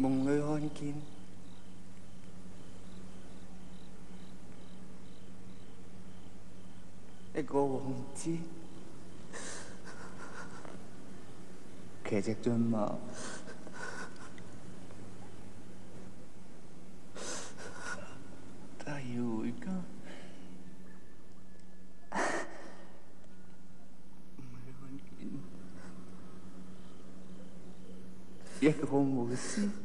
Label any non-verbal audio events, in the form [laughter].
夢裡看見一個王子，騎隻駿馬，但 [laughs] 又一個夢裡看見一個紅帽。